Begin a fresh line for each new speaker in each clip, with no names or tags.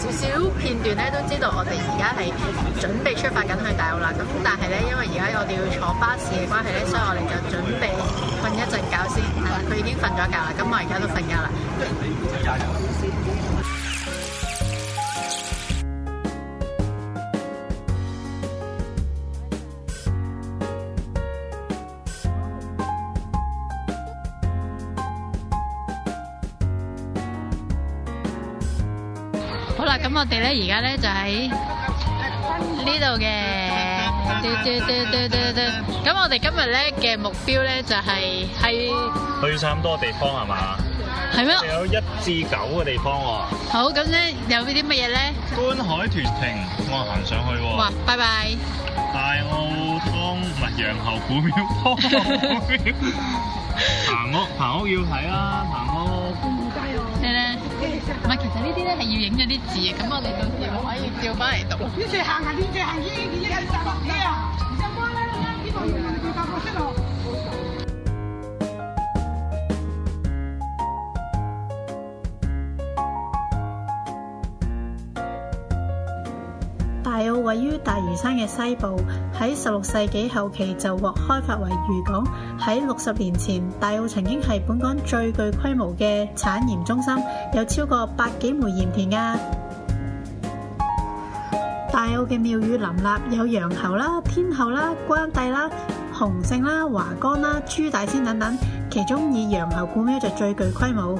少少片段咧，都知道我哋而家係準備出發緊去大澳啦。咁但係咧，因為而家我哋要坐巴士嘅關係咧，所以我哋就準備瞓一陣覺先。係、啊、啦，佢已經瞓咗一覺啦，咁我而家都瞓覺啦。我哋咧而家咧就喺呢度嘅，咁我哋今日咧嘅目標咧就係
係去差唔多地方係嘛？
係咩？
有一至九嘅地方喎。
好，咁咧有啲乜嘢咧？
觀海豚亭，我行上去喎。哇！拜拜。大澳東唔係楊侯古廟坡，棚屋棚屋要睇啦，棚屋。
加油！嚟啦！唔係，其實呢啲咧係要影咗啲字，咁、嗯、我哋到時又可以照翻嚟讀。位於大嶼山嘅西部，喺十六世紀後期就獲開發為漁港。喺六十年前，大澳曾經係本港最具規模嘅產鹽中心，有超過百幾枚鹽田㗎。大澳嘅廟宇林立，有楊侯啦、天后啦、關帝啦、洪聖啦、華光啦、朱大仙等等，其中以楊侯古廟就最具規模。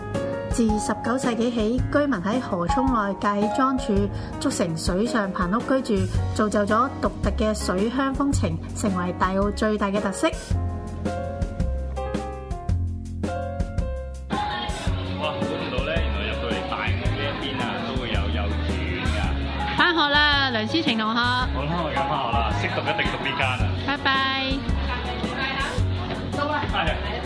自十九世紀起，居民喺河涌內架起樁柱，築成水上棚屋居住，造就咗獨特嘅水鄉風情，成為大澳最大嘅特色。
哇，估唔到咧，原來入到嚟大澳嘅一邊啊，都會有幼稚
園噶。翻學啦，梁思晴同學。
好啦，我今日又翻學啦，識讀一定讀呢間啊。
拜拜。
到啦。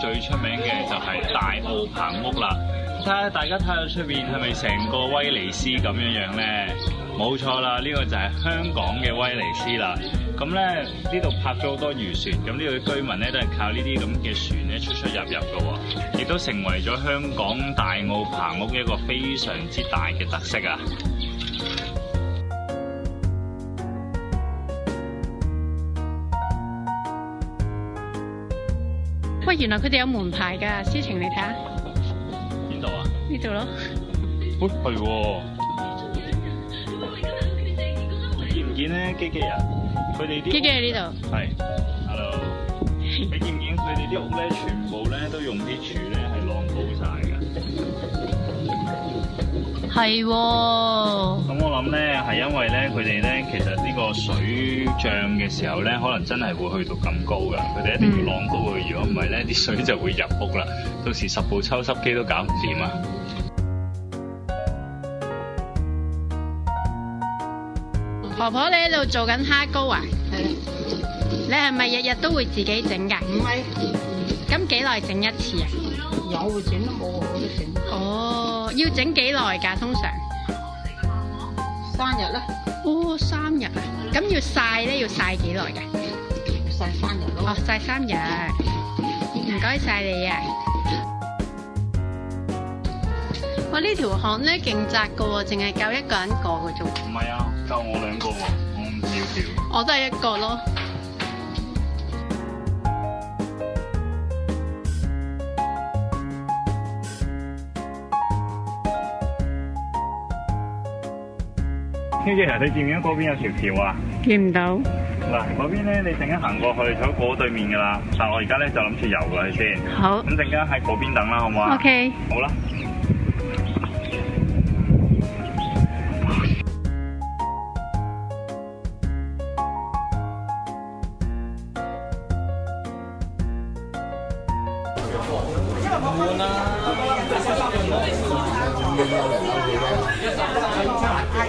最出名嘅就係大澳棚屋啦，睇下大家睇到出面係咪成個威尼斯咁樣樣咧？冇錯啦，呢、呢個就係香港嘅威尼斯啦。咁咧，呢度泊咗好多漁船，咁呢度啲居民咧都係靠這這呢啲咁嘅船咧出出入入噶喎，亦都成為咗香港大澳棚屋嘅一個非常之大嘅特色啊！
原來佢哋有門牌㗎，思晴你睇下。
邊度啊？哎、
看看呢度咯。哦，
係喎。見唔見咧，璣璣啊？佢哋啲璣璣喺呢度。係，hello。 你見唔見佢哋啲屋咧？全部咧都用啲柱咧係晾好晒㗎。
係，
咁對、哦、我諗咧，係因為咧，佢哋咧，其實呢個水漲嘅時候咧，可能真係會去到咁高噶佢哋一定要晾高佢！如果唔係咧，啲水就會入屋啦，到時十部抽濕機都搞唔掂啊！
婆婆你喺度做緊蝦糕啊？係。你係咪日日都會自己整噶唔係是。咁幾耐整一次啊？有會整，冇我都整。哦，要整幾耐噶？通常三日啦。哦，三日啊，咁要曬咧？要曬幾耐噶？曬三日咯。哦，曬三日，唔該晒你啊。我呢條巷咧勁窄噶，淨係夠一個人過嘅啫。唔係啊，夠我
兩個喎，我唔少少。
我都係一個咯。
呢啲你見唔見嗰邊有條橋啊？
見唔到。
嗱，嗰邊咧，你陣間行過去，坐喺嗰對面噶啦。但係我而家咧就諗住遊過去先好。好。咁陣間喺嗰邊等啦，好唔好啊？O K。好啦。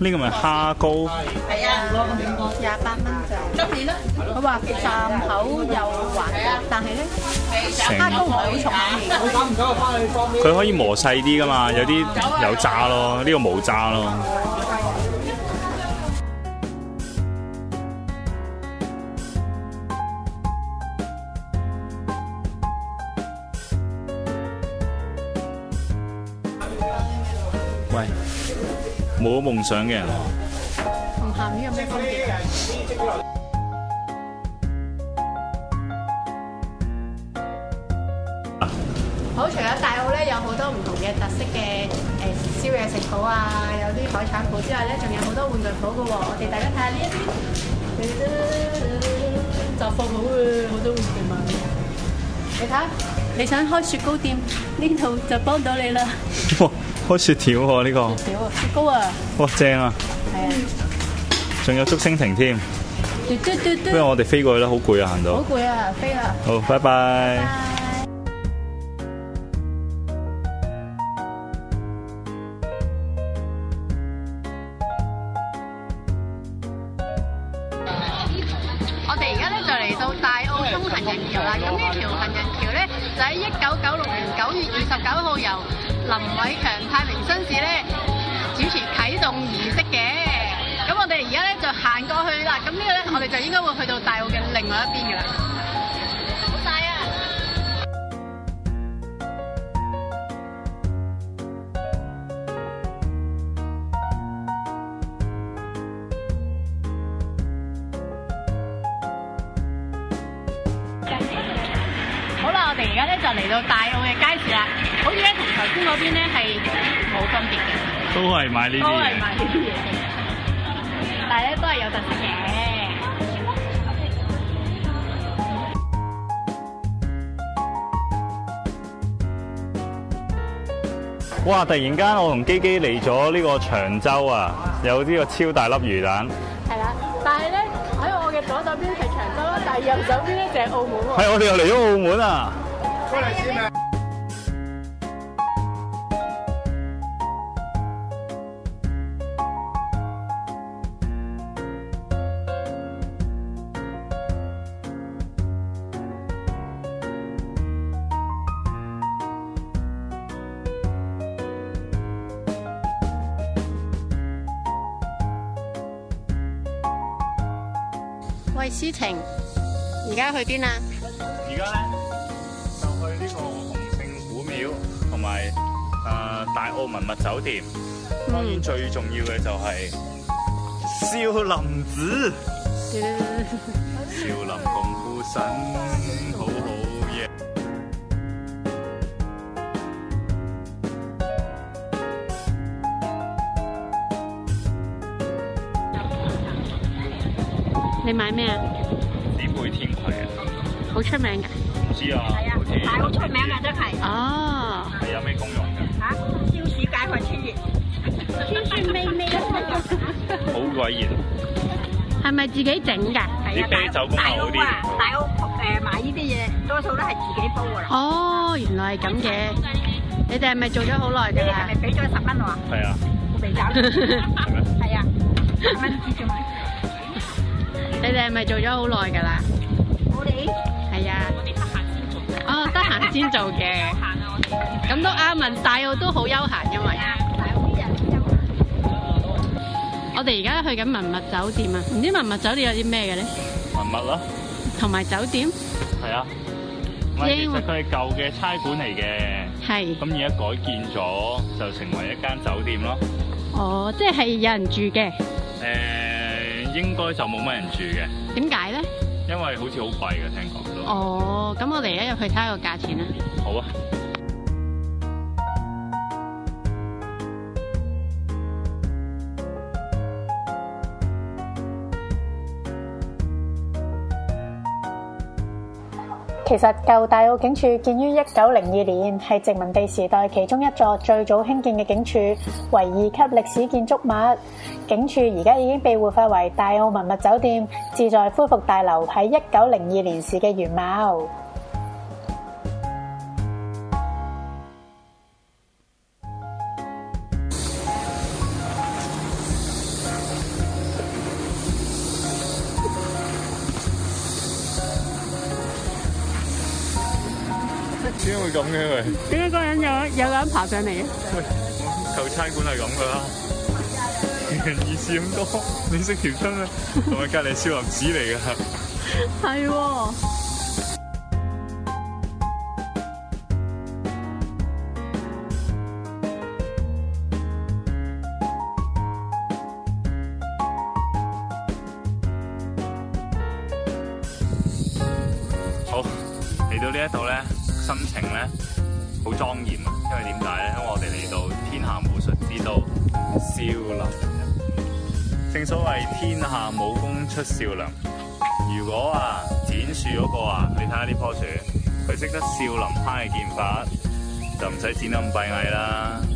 呢個咪蝦膏，
係啊、嗯，廿八蚊就，今年咯。佢話站口又還，但係咧，蝦膏唔係好重啊。
佢 可以磨細啲㗎嘛，有啲有渣咯，呢、這個冇渣咯。冇夢想嘅人，
同鹹魚有咩分別？好，除咗大澳咧，有好多唔同嘅特色嘅誒宵夜食鋪啊，有啲海產鋪之外咧，仲有好多玩具鋪嘅喎。我哋大家睇下呢一邊，就放好啦。好多玩具賣，你睇下，你想開雪糕店，呢度就幫到你啦。
開雪條喎呢個，雪
糕啊，
哇，正啊，係啊的，仲有竹蜻蜓添，
對對對對，不如我
哋飛過去啦，好攰啊行到，好攰啊，飛啊，好，拜拜。拜拜拜拜。都係買 呢啲
嘢。但係咧都係有特色
嘅。哇！突然間，我同基基嚟咗呢個長洲啊，有呢個超大粒魚蛋。係
啦，但係咧喺我嘅左手邊就係長洲啦，但係右手邊咧
就係澳門喎。係，我哋
又嚟咗澳門啊。過嚟先啊。
去邊啊？而家咧就去呢個洪聖古廟同埋誒大澳文物酒店。當然最重要嘅就係少林寺。少林功夫神，好好嘢。
你買咩啊？好出名
嘅，唔知
啊，係啊，係好出名嘅真係。哦，係有咩功用
嘅？嚇，消暑解寒清熱，清清
咩咩？好鬼熱。係咪自己整㗎？啲啤酒鋪好啲。大澳誒買呢啲嘢，多數都係自己煲㗎啦。哦，原來係咁嘅。你哋係咪做咗好耐㗎喇？你哋係咪俾咗十蚊我啊？係啊。我未
攪。係
咩？係啊。係咪唔知做乜？你哋係咪做咗好耐㗎啦？閒先做嘅，咁都啱，大澳都好休閒㗎嘛。我哋而家去緊文物酒店啊，唔知文物酒店有啲咩嘅咧？
文物咯，
同埋酒店。
係啊，即係佢係舊嘅差館嚟嘅，係。咁而家改建咗，就成為一間酒店咯。
哦，即係有人住嘅。
誒，應該就冇乜人住嘅。
點解咧？
因為好似好貴嘅，聽講。
哦，咁 我哋而家入去睇下個價錢啦。好啊。其實舊大澳警署建於一九零二年，係殖民地時代其中一座最早興建嘅警署，為二級歷史建築物。警署而家已經被活化為大澳文物酒店，旨在恢復大樓喺一九零二年時嘅原貌。點解嗰人有有個人爬上嚟
嘅？喂，舊餐館係咁噶啦，人意思咁多，你色條生啊，同埋 如 隔籬少林寺嚟噶，
係、 哦。
好，嚟到呢一度咧。心情咧好莊嚴，因為點解咧？因為我哋嚟到天下武術之都少林，正所謂天下武功出少林。如果啊剪樹嗰個啊，你睇下呢棵樹，佢識得少林派嘅劍法，就唔使剪得咁閉翳啦。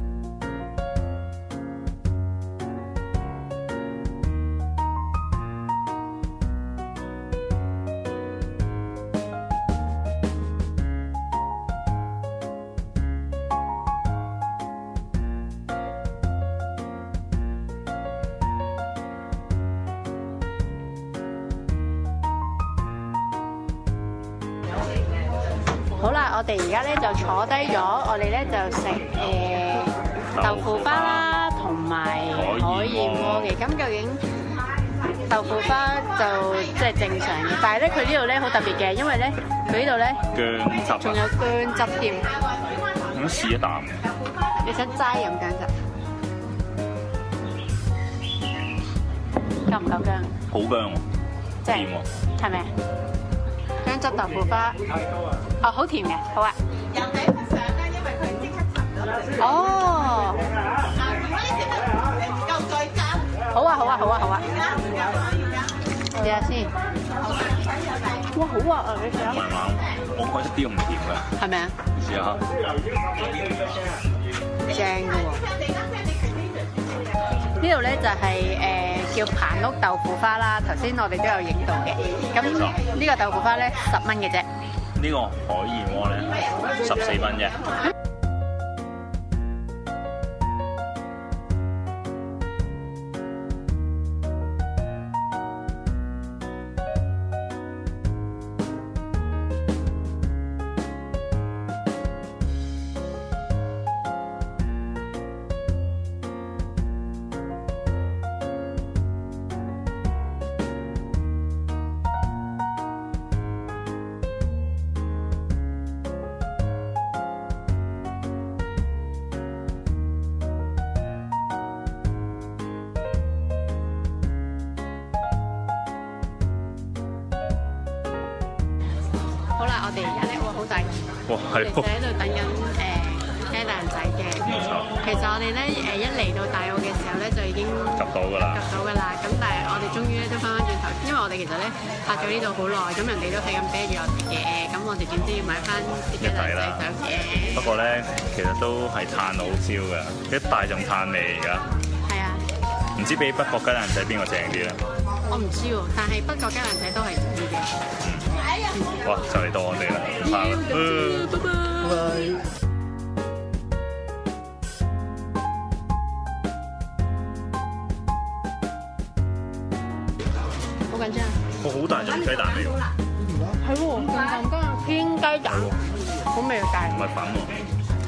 就食誒豆腐花啦，同埋海燕窩嘅。咁究竟豆腐花就即係正常嘅，但係咧佢呢度咧好特別嘅，因為咧佢呢度咧，
仲有
薑汁添。咁試一啖，你想齋飲薑汁夠唔夠薑？
好薑喎，即係
係咪？薑汁豆腐花，哦，好甜嘅，好啊。哦， 好啊好啊好啊好啊，試下先。哇，好啊啊！你
想？我覺得啲唔甜噶。係咪啊？試下呵。正
喎。呢度咧就係誒叫棚屋豆腐花啦，頭先我哋都有影到嘅。咁呢錯個豆腐花咧十蚊嘅啫。
呢個海鹽鍋咧十四蚊啫。大澳嘅時候咧，就
已經執到噶啦，執到噶
啦。咁但係我哋終於咧都翻翻轉頭，因為我哋其實咧拍咗呢度好耐，咁人哋都係
咁
啤住我哋嘅，咁我哋點知要買翻啲嘅嘢？去不過咧，其實都係嘆老
招嘅，一大陣嘆味而家。係啊的，唔知比北角雞蛋仔邊個正啲咧？我唔知喎，但
係北角雞蛋仔都係唔錯嘅。嗯嗯、哇！就嚟到我哋啦，嗯、拜拜。拜拜。好大隻雞蛋嚟，
係喎，唔同噶煎雞蛋，好味啊，大唔係粉喎，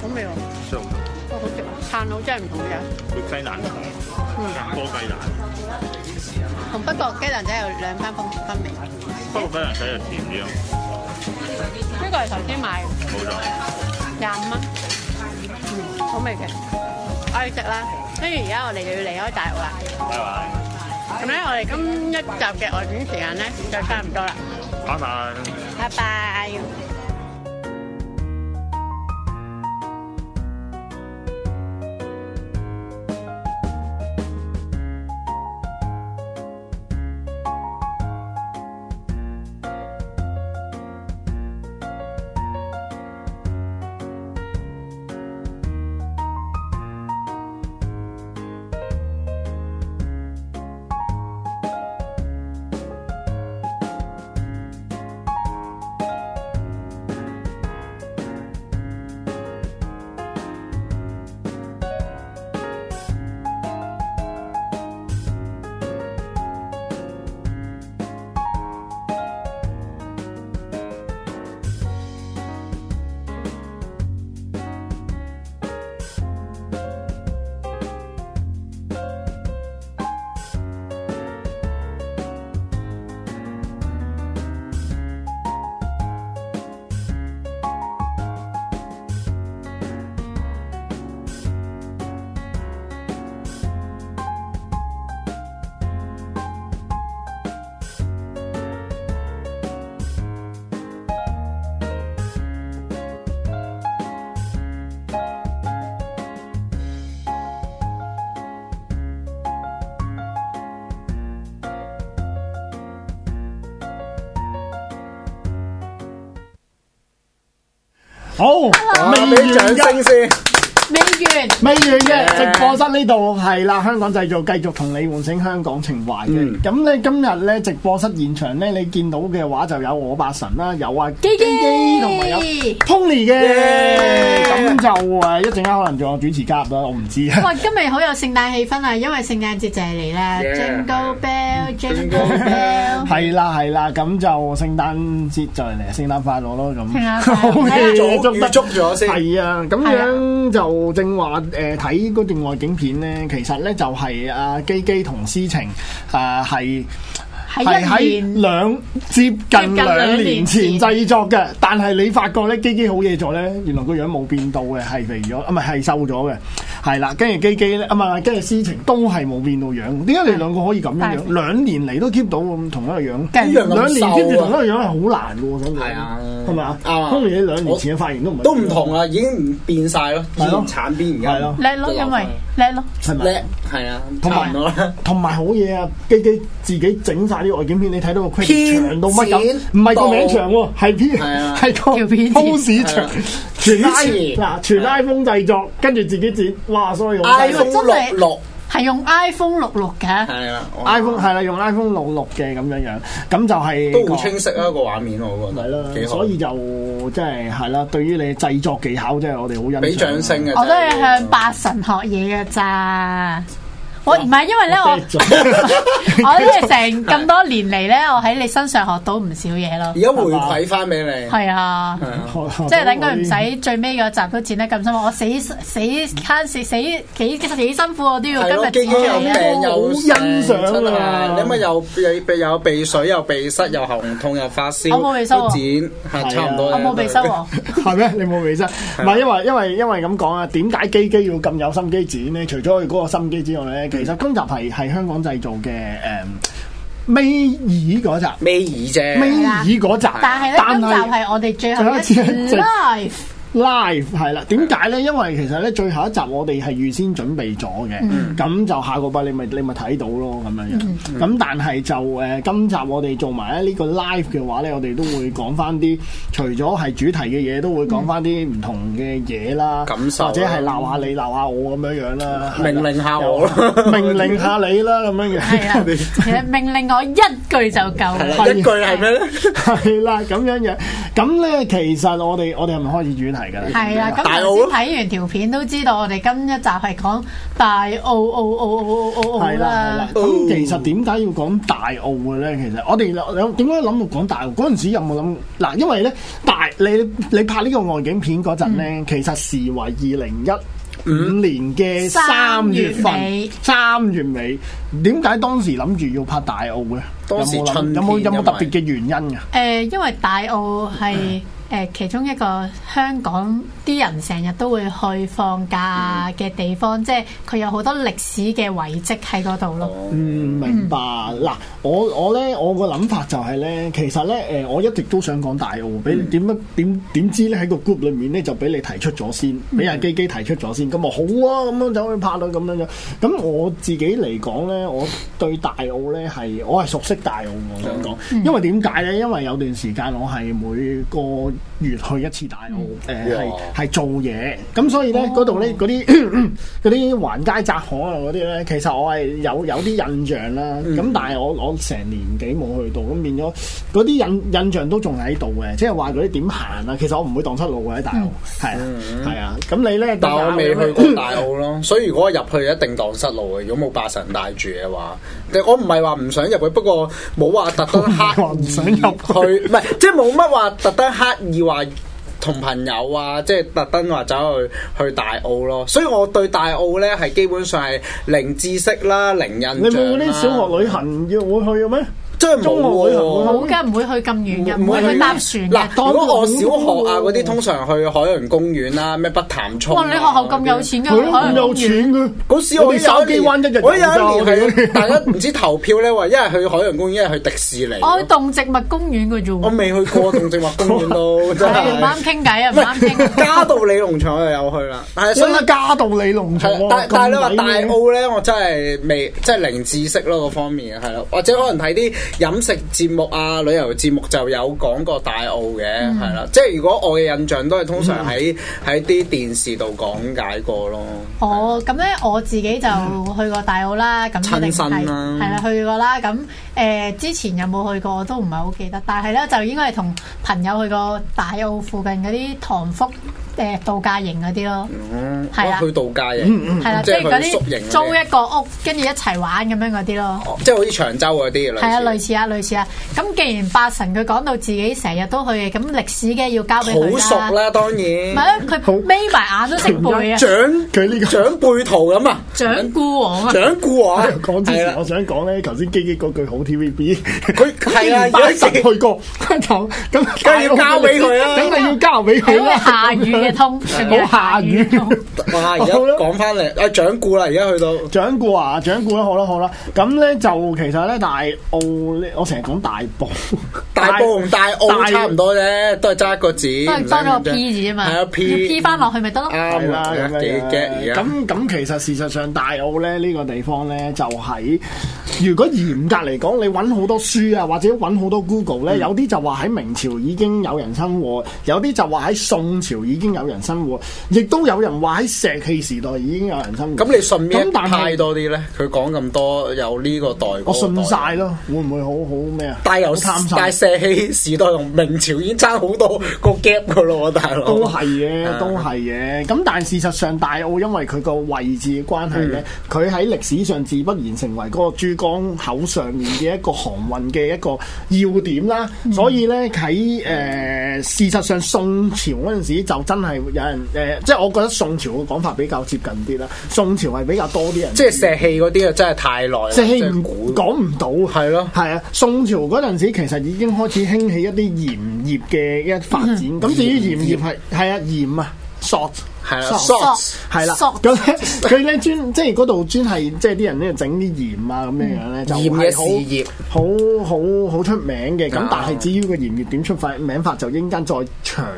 好味啊，差唔多，又好食，炭佬真係唔同啲人，
焗雞蛋，嗯，
多
雞蛋，
同北角雞蛋仔有兩番風分別，
北角雞蛋仔係甜啲咯，呢個係頭
先買，冇咗，廿五蚊，好味嘅，愛食啦，跟住而家我哋就要離開大澳啦，
拜拜。
咁咧，我哋今一集嘅外景時間咧，就差唔多啦。
拜
拜。拜拜。
好，嗯、我俾掌聲先。嗯
美元，美元嘅直播
室，呢度係啦，香港製造，繼續同你喚醒香港情懷嘅。咁咧今日咧直播室現場咧，你見到嘅話就有我八神啦，有啊，璣璣同埋有 Tony 嘅，咁就誒一陣間可能仲有主持加入啦，我唔知啊。喂，
今日好有聖誕氣氛啊，因為聖誕節就嚟啦，Jingle Bell
Jingle Bell，係啦係啦，咁就聖誕節就嚟，聖誕快樂咯咁。好未？預祝咗先。係啊，咁樣就。我正話誒睇嗰段外景片咧，其實咧就係、是、阿、啊、璣璣同詩情誒係係喺兩接近兩年前製作嘅，但係你發覺咧璣璣好嘢做咧，原來個樣冇變到嘅，係肥咗啊，唔係瘦咗嘅，係啦。跟住璣璣咧啊唔跟住詩情都係冇變到樣，點解你兩個可以咁樣樣？兩的年嚟都 keep 到咁同一個樣，兩、啊、年 keep 住同一個樣係好難喎，我想講。係嘛啊！通同你兩年前嘅髮型都唔都唔同啦，已經唔變曬
咯，變慘啲而家係咯，
叻咯，因為叻咯，叻
係啊！同埋同埋好嘢啊！璣璣自己整晒啲外景片，你睇到個 case 長到乜咁？唔係個名長喎，係片係啊，條片片長，全嗱，全拉風製作，跟住自己剪，哇！所以好落落。係用 iPhone 六六嘅，iPhone 係啦，用 iPhone 六六嘅咁樣樣，咁就係都好清晰啊個畫面，我覺得係啦，所以就即係係啦，對於你製作技巧，即係我哋好欣賞。俾掌聲啊！我都係向八
神學嘢噶咋。我唔係，因為咧我我因為成咁多年嚟咧，我喺你身上學到唔少嘢咯。而家
回饋翻俾你係啊，即係等佢唔使
最尾嗰集都剪得咁辛苦，我死死死死幾幾辛苦我都要。今日剪有印
象啊！你咪又鼻有鼻水又鼻塞又喉痛又發燒。我冇鼻塞剪係差唔多。我冇鼻塞喎。
係咩？你冇鼻塞？唔係因為因為因為咁講啊？點解機機要咁有心機剪咧？除咗佢嗰個心機之外咧？其實今集係係香港製造嘅誒尾二嗰集，尾二啫，尾二嗰集。但係咧，但係就
係我哋最後一次。
live 係啦，點解咧？因為其實咧，最後一集我哋係預先準備咗嘅，咁就、嗯、下個拜你咪你咪睇到咯，咁樣樣。咁但係就誒，今、嗯、集我哋做埋呢個 live 嘅話咧，我哋都會講翻啲除咗係主題嘅嘢，都會講翻啲唔同嘅嘢啦，感受或者係鬧下你鬧下我咁樣樣啦，命令下我，命令下你啦咁樣樣。係啦，
其實命令我一句就夠，一
句係咩咧？係啦，咁樣樣。咁咧,其實我哋我哋係咪開始主題㗎？係啊，咁啱
睇完條片都知道，我哋今一集係講大澳澳澳澳澳啦。咁其
實點解要講大澳嘅咧？其實我哋有點解諗到講大澳嗰陣時有冇諗？嗱，因為咧，大你你拍呢個外景片嗰陣咧，嗯、其實時維二零一。五年嘅三月份，三月，三月尾，點解當時諗住要拍大澳呢？有冇有冇有冇特別嘅原因啊？
誒，因為大澳係。 誒，其中一個香港啲人成日都會去放假嘅地方，嗯、即係佢有好多歷史嘅遺跡喺嗰度咯。
嗯。嗯，明白。嗱，我我咧，我個諗法就係、是、咧，其實咧，誒，我一直都想講大澳，俾點乜點點知咧喺個 group 裏面咧就俾你提出咗先，俾、嗯、阿璣璣提出咗先。咁啊好啊，咁樣就可以拍到咁樣樣。咁我自己嚟講咧，我對大澳咧係我係熟悉大澳，我想講，因為點解咧？因為有段時間我係每個越去一次大澳，誒係係做嘢，咁所以咧嗰度咧嗰啲嗰啲橫街窄巷啊嗰啲咧，其實我係有有啲印象啦，咁但係我我成年幾冇去到，咁變咗嗰啲印印象都仲喺度嘅，即係話嗰啲點行啊，其實我唔會蕩失路嘅喺大澳，係啊係啊，咁你咧？
但我未去過大澳咯，所以如果入去一定蕩失路嘅，如果冇八神帶住嘅話，我唔係話唔想入去，不過冇話特登黑唔想入去，唔係即係冇乜話特登黑。以話同朋友啊，即係特登話走去去大澳咯，所以我對大澳呢，係基本上係零知識啦，零印象啦。你冇嗰啲小學旅
行約我去嘅咩？真係冇喎，好嘅唔會去咁遠嘅，唔會去搭船嗱，如果我小學啊嗰啲，通
常去海洋公園啊，咩北潭涌。哇！你學
校咁有錢㗎，海洋公園。咁有錢嘅。
嗰時我有啲一日。我有一年係大家唔知投票咧，話一係去海洋公園，一係去迪士尼。我
去動植物公園嘅啫，我未
去過動植物公園都。真係。唔啱
傾偈啊，唔啱傾。
加道理農場我又有去啦，係啊，所以加
道理農場。係，但係你話大
澳咧，我真係未，即係零知識咯，嗰方面係咯，或者可能睇啲。飲食節目啊，旅遊節目就有講過大澳嘅。係啦、嗯，即係如果我嘅印象都係通常喺喺啲電視度講解過咯。
哦，咁咧的，嗯、我自己就去過大澳啦，咁一定係、親身啦，係啦，去過啦。咁誒、呃，之前有冇去過我都唔係好記得，但係咧就應該係同朋友去過大澳附近嗰啲唐福。誒度假營嗰啲咯，
係啦，去度假營，係啦，即係嗰啲租一
個屋，跟住一齊玩咁樣嗰啲咯，
即係好似長洲嗰啲嘅類似。係啊，類
似啊，類似啊。咁既然八神佢講到自己成日都去嘅，咁歷史嘅要交俾佢啦。好熟啦，
當然。唔
係啊，佢眯埋眼都識背
啊。長
佢呢個長輩圖咁啊，掌
故
王
啊。掌故王講之前，我想講咧，頭先基基嗰句好 TVB，佢係啊，八神去過，就咁，梗係要交俾佢啦，梗係要交俾佢下雨通冇下雨咁。好啦，講翻嚟，阿掌故啦，而家去到掌故啊，掌故啦，好啦好啦。咁咧就其實咧大澳咧，我成日講大埔，大埔同大澳差唔多啫，都係爭一個字，都係爭咗個 P 字啊嘛，
係啊 P，P 翻落去咪得咯，啱啦
咁樣嘅。咁咁其實事實上大澳咧呢個地方咧就喺，如果嚴格嚟講，你揾好多書啊，或者揾好多 Google 咧，有啲就話喺明朝已經有人生活，有啲就話喺宋朝已經。有人生活，亦都有人話喺石器時代已經有人生活。
咁你信咩派多啲咧？佢講咁多有呢個代，我信
晒咯。會唔會好好咩啊？帶有大晒。但係由心石器
時代同明朝已經差好多個 gap 噶咯，大
佬。都係嘅，啊、都係嘅。咁但係事實上，大澳因為佢個位置嘅關係咧，佢喺歷史上自不然成為嗰個珠江口上面嘅一個航運嘅一個要點啦。嗯、所以咧喺誒事實上，宋朝嗰陣時就真。真係有人誒、呃，即係我覺得宋朝嘅講法比較接近啲啦。宋朝係比較多啲人，即係石
器嗰啲啊，真係太耐。石器
唔講唔到，係咯是的 的，係啊。宋朝嗰陣時其實已經開始興起一啲鹽業嘅一發展。咁、嗯嗯、至於鹽業係係啊鹽啊業，Sort。係啦，礦，係啦，咁咧佢咧磚，即係嗰度磚係，即係啲人咧整啲鹽啊咁樣樣咧，鹽嘅事業好好好出名嘅，咁但係至於個鹽業點出發名法就應該再長。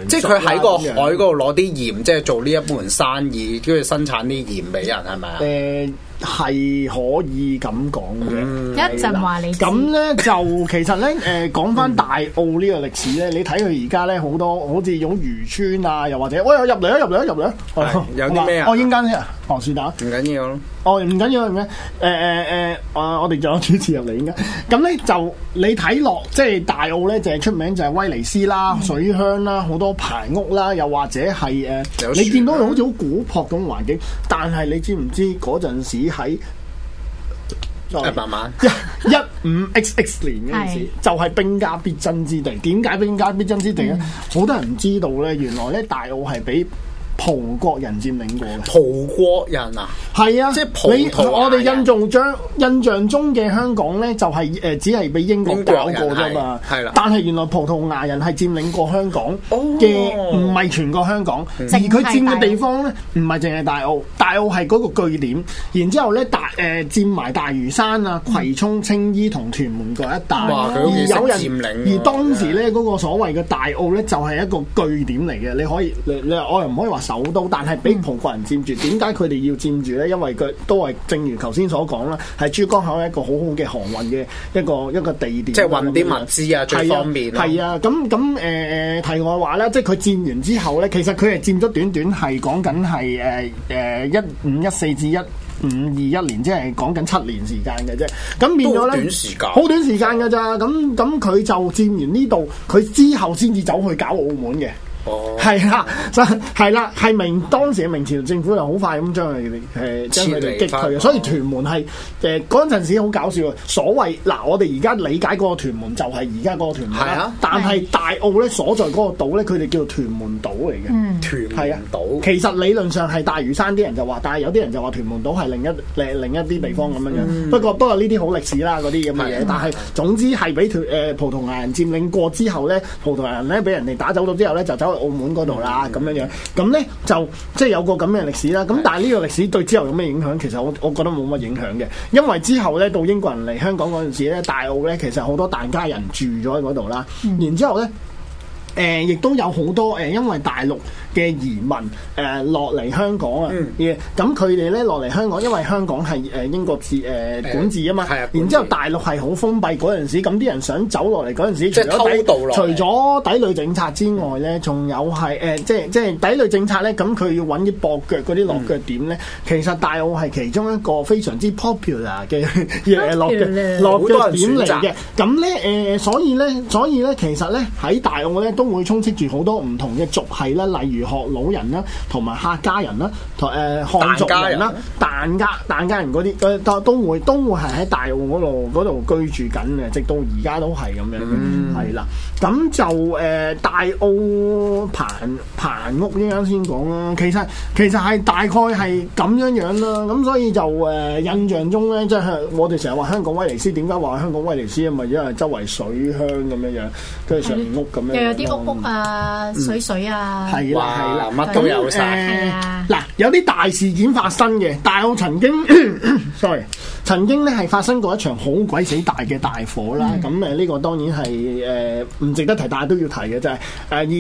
即係佢喺個
海嗰度攞啲鹽，即係做呢一門生意，跟住生產啲鹽俾人，係咪啊？
係可以咁講嘅，一陣話你咁咧就其實咧誒講返大澳呢個歷史咧，你睇佢而家咧好多好似種漁村啊，又或者喂入嚟啊入嚟啊入嚟啊，有啲咩英啊？何士達，唔緊要咯。哦，唔緊要，唔該。誒誒誒，我我哋仲有主持入嚟應該。咁咧就你睇落，即係大澳咧，就係出名就係威尼斯啦、水鄉啦、好多排屋啦，又或者係誒，呃啊、你見到好似好古樸咁環境，但係你知唔知嗰陣時喺、啊、一百萬一五 X X 年嗰陣時， 就係兵家必爭之地。點解兵家必爭之地咧？好、嗯、多人唔知道咧。原來咧，大澳係比。葡國人佔領過嘅，葡國
人
啊，係啊，即係葡萄牙，你我哋印象中印象中嘅香港呢，就係、是、誒、呃，只係被英國搞過咗啫嘛。但係原來葡萄牙人係佔領過香港嘅，唔係、哦、全個香港。嗯、而佢佔嘅地方呢，唔係淨係大澳，大澳係嗰個據點。然之後呢，大、呃、誒佔埋大嶼山啊、葵涌、青衣同屯門嗰一帶。而有人，領啊、而當時呢，嗰個所謂嘅大澳呢，就係一個據點嚟嘅。你可以，你你我又唔可以話。首都，但係俾葡國人佔住。點解佢哋要佔住咧？因為佢都係，正如頭先所講啦，係珠江口一個好好嘅航運嘅一個一個地點。即係運啲物資啊，最方便。係啊，咁咁誒誒，題外話咧，即係佢佔完之後咧，其實佢係佔咗短短，係講緊係誒誒一五一四至一五二一年，即係講緊七年時間嘅啫。咁變咗咧，好短時間㗎咋？咁咁佢就佔完呢度，佢之後先至走去搞澳門嘅。係啦，就係啦，係明當時嘅明朝政府就好快咁將佢哋誒，將佢哋擊退，乎乎所以屯門係誒嗰陣時好搞笑。所謂嗱，我哋而家理解嗰個屯門就係而家嗰個屯門啦，啊、但係大澳咧所在嗰個島咧，佢哋叫屯門島嚟嘅，嗯、屯門島。其實理論上係大嶼山啲人就話，但係有啲人就話屯門島係另一誒另一啲地方咁樣樣。嗯嗯、不過不過呢啲好歷史啦，嗰啲咁嘅嘢。但係總之係俾誒葡萄牙人佔領過之後咧，葡萄牙人咧俾人哋打走咗之後咧，就走。澳門嗰度啦，咁樣樣，咁呢就即係有個咁嘅歷史啦。咁但係呢個歷史對之後有咩影響？其實我我覺得冇乜影響嘅，因為之後呢，到英國人嚟香港嗰陣時呢，大澳呢，其實好多大家人住咗喺嗰度啦。嗯、然之後呢，誒、呃、亦都有好多誒、呃，因為大陸。嘅移民誒落嚟香港啊，咁佢哋咧落嚟香港，因為香港係誒英國誒管治啊嘛，然之後大陸係好封閉嗰陣時，咁啲人想走落嚟嗰陣時，除咗抵壘，除咗抵壘政策之外咧，仲有係誒即係即係抵壘政策咧，咁佢要揾啲搏腳嗰啲落腳點咧，其實大澳係其中一個非常之 popular 嘅落腳落腳點嚟嘅，咁咧誒所以咧，所以咧，其實咧喺大澳咧都會充斥住好多唔同嘅族系啦，例如。學老人啦，同埋客家人啦，同誒漢族人啦，疍家疍家人嗰啲、呃，都會都會都會係喺大澳嗰度嗰度居住緊嘅，直到而家都係咁樣嘅，啦、嗯。咁、嗯、就誒、呃、大澳棚棚屋呢間先講啦。其實其實係大概係咁樣樣啦。咁所以就誒、呃、印象中咧，即、就、係、是、我哋成日話香港威尼斯，點解話香港威尼斯啊？咪因為周圍水鄉咁樣樣，跟住上面屋咁樣又有啲
屋屋啊，水水啊，係、嗯、啦。係啦，乜、啊、都有晒。
嗱，有啲大事件發生嘅，但係我曾經，sorry。曾經咧係發生過一場好鬼死大嘅大火啦，咁誒呢個當然係誒唔值得提，但係都要提嘅就係誒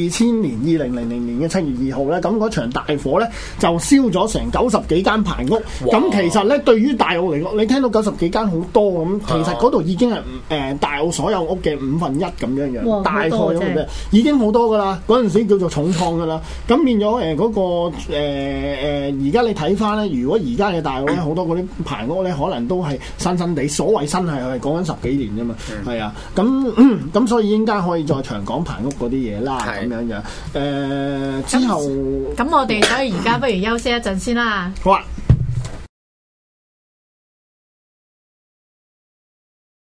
二千年二零零零年嘅七月二號咧，咁嗰場大火咧就燒咗成九十幾間棚屋，咁哇其實咧對於大澳嚟講，你聽到九十幾間好多咁，其實嗰度已經係誒、呃、大澳所有屋嘅五分一咁樣樣，哇大火咗咩？已，已經好多噶啦，嗰陣時叫做重創噶啦，咁變咗誒嗰個誒而家你睇翻咧，如果而家嘅大澳咧，好多嗰啲棚屋咧可能。都係新新地，所謂新係係講緊十幾年啫嘛，係、嗯、啊，咁咁、嗯、所以應該可以再長講棚屋嗰啲嘢啦，咁是的 樣樣，誒、呃，之後咁我哋所以而家
不如休息一陣先
啦。好啊。